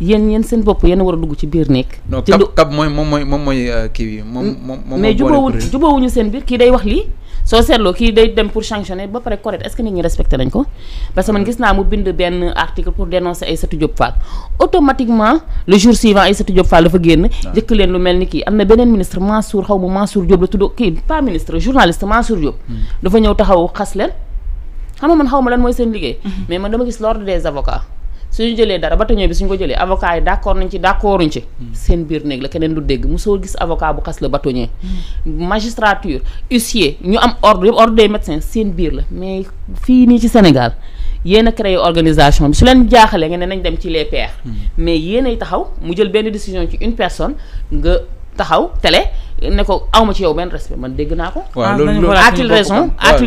yen yen seen bop yen wara dugg ci bir nek non kap kap mooy moom mooy moom mooy euh, kii mom mm, mom mom mais jubóowuñ wuñu seen bir ki day wax li so setlo ki day dem pour sanctionner ba pare correct est-ce que nit ñi respecté nañ ko parce que man euh. gis na mu bind ben article pour dénoncer ay Aïssatou djop Fall automatiquement le jour suivant ay Aïssatou djop Fall dafa génn ah. jëkk leen lu melni ki amna benen ministre Mansour xawmu Mansour djop la tuddo ki pas ministre journaliste Mansour djop hmm. dafa ñew taxaw xass leen xam nga man xawma lan moy seen liguey hmm. mais man dama gis l'ordre des avocats suñu jëlee dara batañoo bi suñu ko jëlee avocat yi d' accord nañ ci d' accorduñ ci hmm. seen biir néeg la keneen du dégg mosoo gis avocat bu xas la batañee hmm. magistrature huissier ñu am ordre yëpp ordre des médecins seen biir la mais fii nii ci Sénégal yéen a organisation bi su leen jaaxalee nga ne nañ dem ci les pairs hmm. mais yéenay taxaw mu jël benn décision ci une personne nga taxaw télé ne ko awma ci yow benn respect man dégg naa ko ah, a-t-il raison a t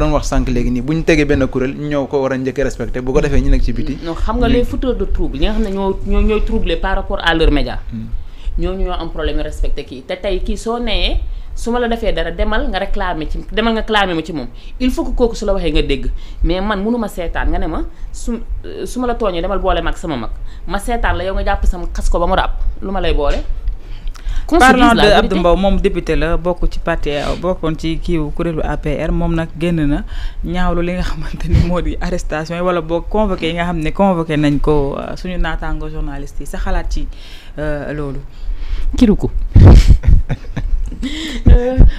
doon wax sànq léegi nii bu ñu tegee benn kuréel ñoo ko war a njëkk respecté bu ko mm. defee ñu nekk ci biti. non xam nga les fauteurs de trouble ñi xam ne ñoo ñoo ñooy par rapport à leur média. Mm. ñooñu ñoo am problème respecté kii te tey kii soo nee su ma la defee dara demal nga réclamer ci demal nga clamer ma ci moom il faut que kooku su la waxee nga dégg mais man mënu ma seetaan nga ne ma su su ma la tooñee demal boole ma ak sama mag ma seetaan la yow nga jàpp sama xas ko ba mu ràpp lu ma lay boole. parlons de Abdou Mbow moom député la bokk ci parti euh, bokkoon ci kiiw kuréelu APR moom nag génn na ñaawlu li nga xamante ni moo di arrestation yi wala boo convoqué yi nga xam ne convoqué nañ ko euh, suñu naataango journaliste yi sa xalaat ci euh, loolu kiruku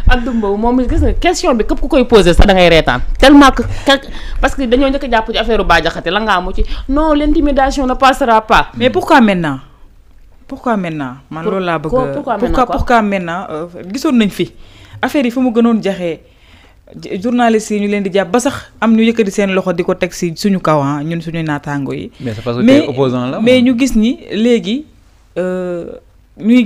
Abdou Mbow moom gis nga question bi képp ku koy posé sax da ngay reetaan tellement que parce que dañoo njëkk a jàpp ci affaire Bah la nga amu ci non l' intimidation passera pas mais pourquoi maintenant pourquoi maintenant man pourquoi pourquoi maintenant euh, gisoon fi affaire yi fu mu gënoon journalistes ñu di ba sax am ñu seen loxo mais mais ñu ni euh, ñuy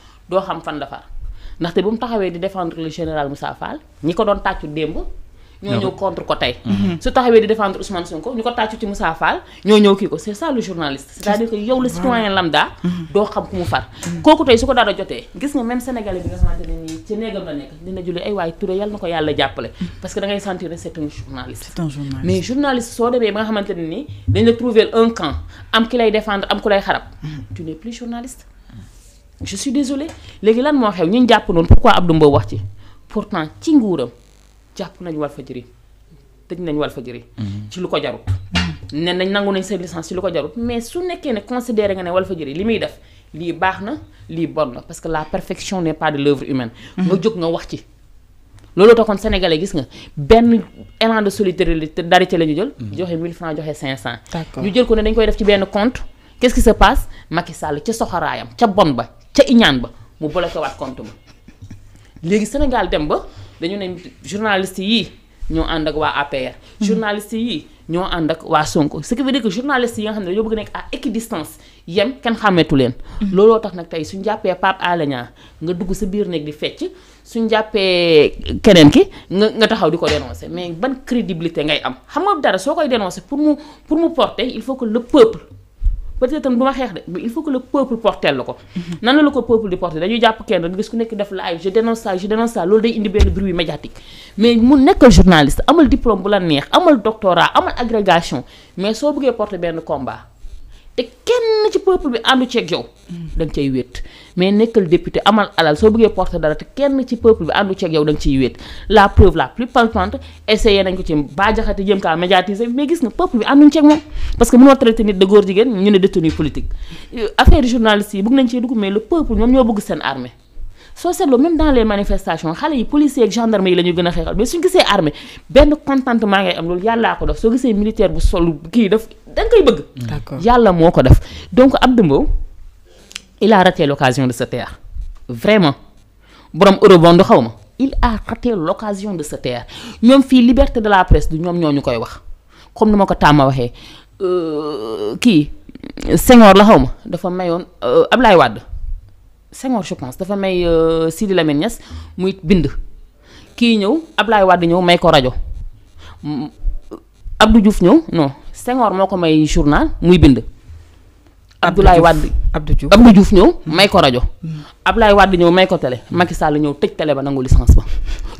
do xam fan la far ndaxte bu mu taxawé di défendre le général Moussa Fall ni ko don tàccu demb ñoo ñëw contre ko tay mhm. su taxawé di défendre Ousmane Sonko ñu ko tàccu ci Moussa Fall ñoo ñëw kiko c'est ça le journaliste. c'est à dire que yow le citoyen lambda. Mhm. do xam ku mu far. Mhm. kooku tay su ko dara joté gis nga même sénégalais bi nga xamante ni ci négam la nek dina julli ay way Touré yalla nako yalla jappalé parce que da ngay sentir c'est un journaliste. c'est un journaliste mais journaliste so demee ba nga xamante ni dañ la trouver un camp am ki lay défendre am ku lay xarab. tu n' plus journaliste je suis désolé léegi lan moo xew ñu japp non pourquoi Abdou mbo wax ci pourtant ci nguuram japp nañ jàpp nañu tej nañ nañu Walfadjri mhm. ci lu ko jarut ne nañ nangu nañ seen licence ci lu ko jarut mais su nekké ne considérer nga ne Walfadjri li muy def li baxna li lii bon parce que la perfection n'est pas de l'œuvre humaine mhm. nga jóg nga wax ci lolu taxoon sénégalais gis nga ben élan de solidarité la lañu jël mhm. joxe 1000 francs joxe 500 ñu jël ko ne dañ koy def ci ben compte qu'est-ce qui se passe Macky Sall ci soxarayam ci bon ba ca iñaan ba mu bloqué waat compte ba léegi Sénégal dem ba dañu ne journaliste yii ñoo ànd ak waa APR. Hmm. journaliste yii ñoo ànd ak waa Sonko ce qui veut dire que yi nga xam ne dañoo bëgg nekk à équidistance yem kenn xàmmeetu leen. Hmm. looloo tax nag tey suñu jàppee Pape Alé nga dugg sa biir néeg di fecc suñu jàppee keneen ki nga nga taxaw di ko dénoncer mais ban crédibilité ngay am xam nga dara soo koy dénoncer pour mu pour mu porter il faut que le peuple. peut-être bu ma xeex de il faut que le peuple porteel la ko mhm. nan la ko peuple di porté dañuy jàpp kenn gis ku nekk def la ay je dénonce ça je dénonce loolu day indi benn bruit médiatique mais mu nekkal journaliste amal diplôme bu la neex amal doctorat amal agrégation mais soo bëggee porté benn combat te kenn ci peuple bi àndu ceeg yow mhm. da nga cay wéet mais nekkal député amal alal so bëggé porter dara té kenn ci peuple bi andu ci ak yow dang ci ciy la preuve la plus palpante essayé nañ ko ci ba jaxate jëm ka médiatiser mais gis nga peuple bi andu ci ak mom parce que mëno traité nit de gor jigéen ñu né détenu politique euh, affaire journaliste yi bëgg nañ ci dugg mais le peuple ñom ñoo bëgg seen armée so seetloo même dans les manifestations xalé yi policiers ak gendarme yi la ñu gën mais suñu gisee armée ben contentement ngay am lool yalla ko def so gisee militaire bu sol ki def da nga koy bëgg yàlla moo ko def donc Abdou il a raté l'occasion de se taire vraiment borom eurobond xaw xawma, il a raté l'occasion de se taire Ñom fi liberté de la presse du ñom ñoo ñu koy wax comme ni ma ko tàmma waxee euh, kii Senghor la xawma, ma dafa mayoon euh, Ablaye Wad. Senghor je pense dafa may euh, Sidi Lamine Niass muy bind Ki ñëw Ablaye Wad ñëw may ko radio. Abdou Diouf ñëw non Senghor moko may journal muy bind Abdoulaye Wade Abdou Diouf Abdou Diouf ñëw hmm. may ko rajo hmm. Abdoulaye Wade ñëw may ko télé hmm. Macky Sall ñëw tëj télé ba nangu licence ba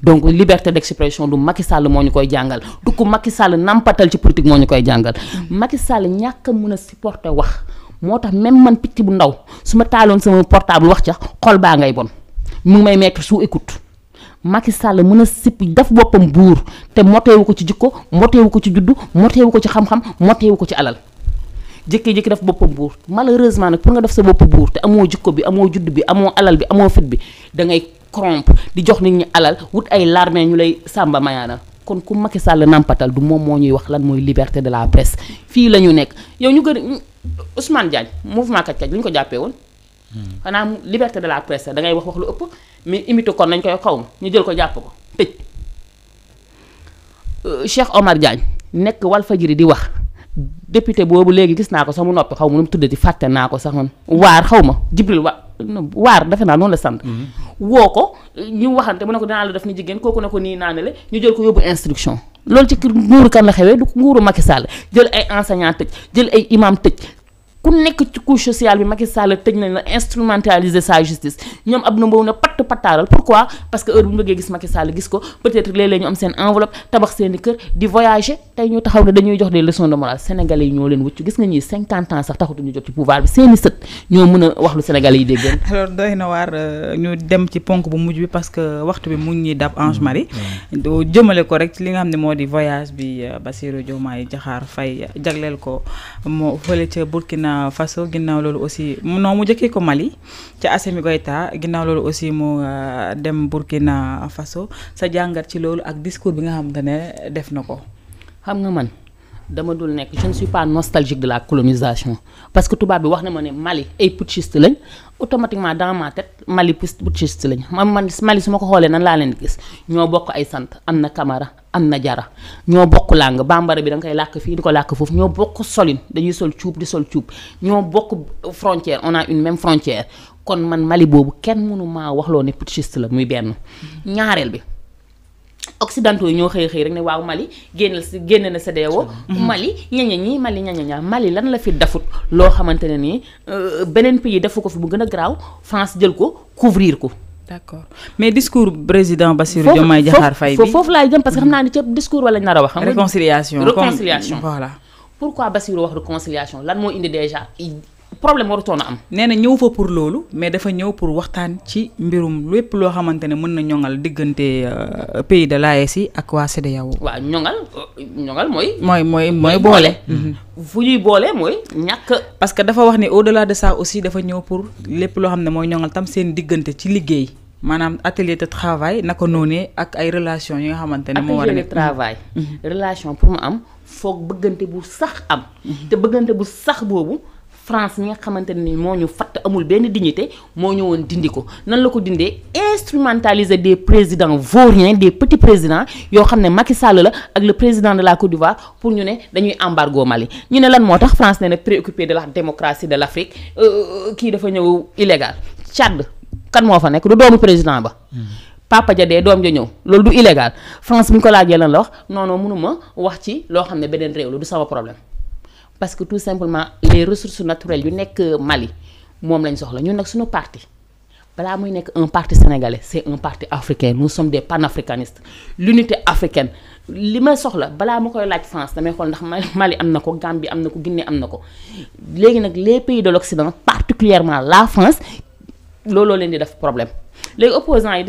donc liberté d'expression du Macky Sall moo ñu koy jàngal du ko Macky Sall nampatal ci politique moo ñu koy jàngal Macky Sall ñàkk a mën a supporter wax moo tax même man picc bu ndaw su ma taaloon sama portable wax ca xol baa ngay bon mu ngi may mettre sous écoute Macky Sall mën a sipp daf boppam buur te moteewu ko ci jikko moteewu ko ci juddu moteewu ko ci xam-xam ko ci alal jékki-jékki def boppam buur malheureusement nag pour nga def sa bopp buur te amoo jikko bi amoo judd bi amoo alal bi amoo fit bi da ngay corrompre di jox nit ñi alal wut ay larme ñu lay sàmba mayaanal kon ku Macky Sall nampatal du moom moo ñuy wax lan mooy liberté de la presse fii la ñu nekk yow ñu gën Ousmane Diagne mouvement Kajkaj li ñu ko jàppee woon. Hmm. xanaa liberté de la presse dangay wax wax lu ëpp mais imité kon nañ koy xaw ma ñu jël ko jàpp ko tëj euh, Cheikh Omar Diagne nekk Walfadjri di wax. député boobu léegi gis naa ko sax mu noppi xaw ma nu mu tuddati fàtte naa ko sax man waar xaw ma jibril wa waar defe naa noonu la sant mhm. woo ko ñu waxante mu ne ko danaa la def ni jigéen kooku ne ko nii naanale ñu jël ko yóbbu instruction loolu ci nguuru kan la xewee du nguuru Macky Sall jël ay enseignant tëj jël ay imam tëj ku nekk ci couche sociale bi Macky tëj nañ la instrumentaliser sa justice ñoom ab na mbow na patt pattaaral pourquoi parce que heure bu ñu bëggee gis Macky Sall gis ko peut-être léeg-léeg ñu am seen enveloppe i kër di tey ñu taxaw ne dañuy jox des leçons de morale sénégalais yi ñoo leen wucc gis nga ñii cinquante ans sax taxutuñu jot ci pouvoir bi seeni sët ñoo mën a wax lu sénégalais yi dégg alors doy na waar euh, ñu dem ci ponk bu mujj bi parce que waxtu bi mu ñuy dab Ange Marie mm, mm. jëmale ko rek ci li nga xam ne moo di voyage bi euh, Bassirou yi jaxaar fay jagleel ko moo fële ca Burkina Faso ginnaaw loolu aussi non mu jëkkee ko Mali ca Assimi Goïta ginnaaw loolu aussi mu euh, dem Burkina Faso sa jàngat ci loolu ak discours bi nga xam ne def na ko xam nga man dama dul nekk je ne suis pas nostalgique la colonisation parce que tubaab bi wax na ma ne Mali ay putschiste lañ automatiquement dans ma tête Mali putschiste lañ man man Mali su ma ko xoolee nan laa leen gis ñoo bokk ay sant am na kamara am na Jara ñoo bokk làng bambara bi da nga làkk fii di ko làkk foofu ñoo bokk solin dañuy sol cuub di sol cuub ñoo bokk frontière on a une même frontière kon man Mali boobu kenn mënu maa waxloo ne putschiste la muy benn mm-hmm. ñaareel bi. occidentaux yi ñoo xëy xëy rek ne waaw Mali génn génn na CEDEAO Mali ñaña ñi Mali ñaña ñaa Mali lan la fi dafut loo xamante ne nii euh, beneen pays dafu ko fi mu gën a garaaw France jël ko couvrir ko. d'accord mais discours président Bassirou Diomaye Diakhar Faye bi foofu laay jëm parce que xam mhm. naa ni ca discours wala nar a wax. réconciliation réconciliation voilà. pourquoi Bassirou wax réconciliation lan moo indi déjà problème warutoon a am. nee na ñëw fa pour loolu mais dafa ñëw pour waxtaan ci mbirum lépp loo xamante ne mën na ñoŋal diggante euh, pays de l'AES yi ak waa CEDEAO. waaw ñoŋal euh, ñoŋal mooy. mooy mooy mooy boole. Mhm. fu ñuy boole mooy ñàkk. parce que dafa wax ne au delà de ça aussi dafa ñëw pour lépp loo xam ne mooy ñoŋal tam seen diggante ci liggéey. maanaam atelier de travail naka noonee ak ay relation yi nga xamante ne moo war a nekk mhm. relation pour mu am foog bëggante bu sax am mhm. bu sax boobu France mi nga xamante ne moo ñu fatt amul benn dignité moo ñëwoon dindi ko nan la ko dindee instrumentaliser des président vauriens des petits président yoo xam ne Macky Sall la ak le président de la Côte d'Ivoire pour ñu ne dañuy embargo Mali ñu ne lan moo tax France ne na préoccupé de la démocratie de l'Afrique euh, euh, kii dafa ñëw illégal Tchad kan moo fa nekk du doomu président ba papa ja dee doom ja ñëw loolu du illégal France bi ñu ko laajee lan la wax non non wax ci loo xam ne beneen réew du sama problème parce que tout simplement les ressources naturelles du que Mali mom lañ soxla ñun nak suñu parti balaa muy un parti sénégalais c'est un parti africain nous sommes des panafricanistes l'unité africaine lima soxla balaa ma koy laaj France damay xol ndax Mali amna ko Gambie amna ko Guinée amna ko les pays de l'Occident particulièrement la France lolo leen di def problème opposants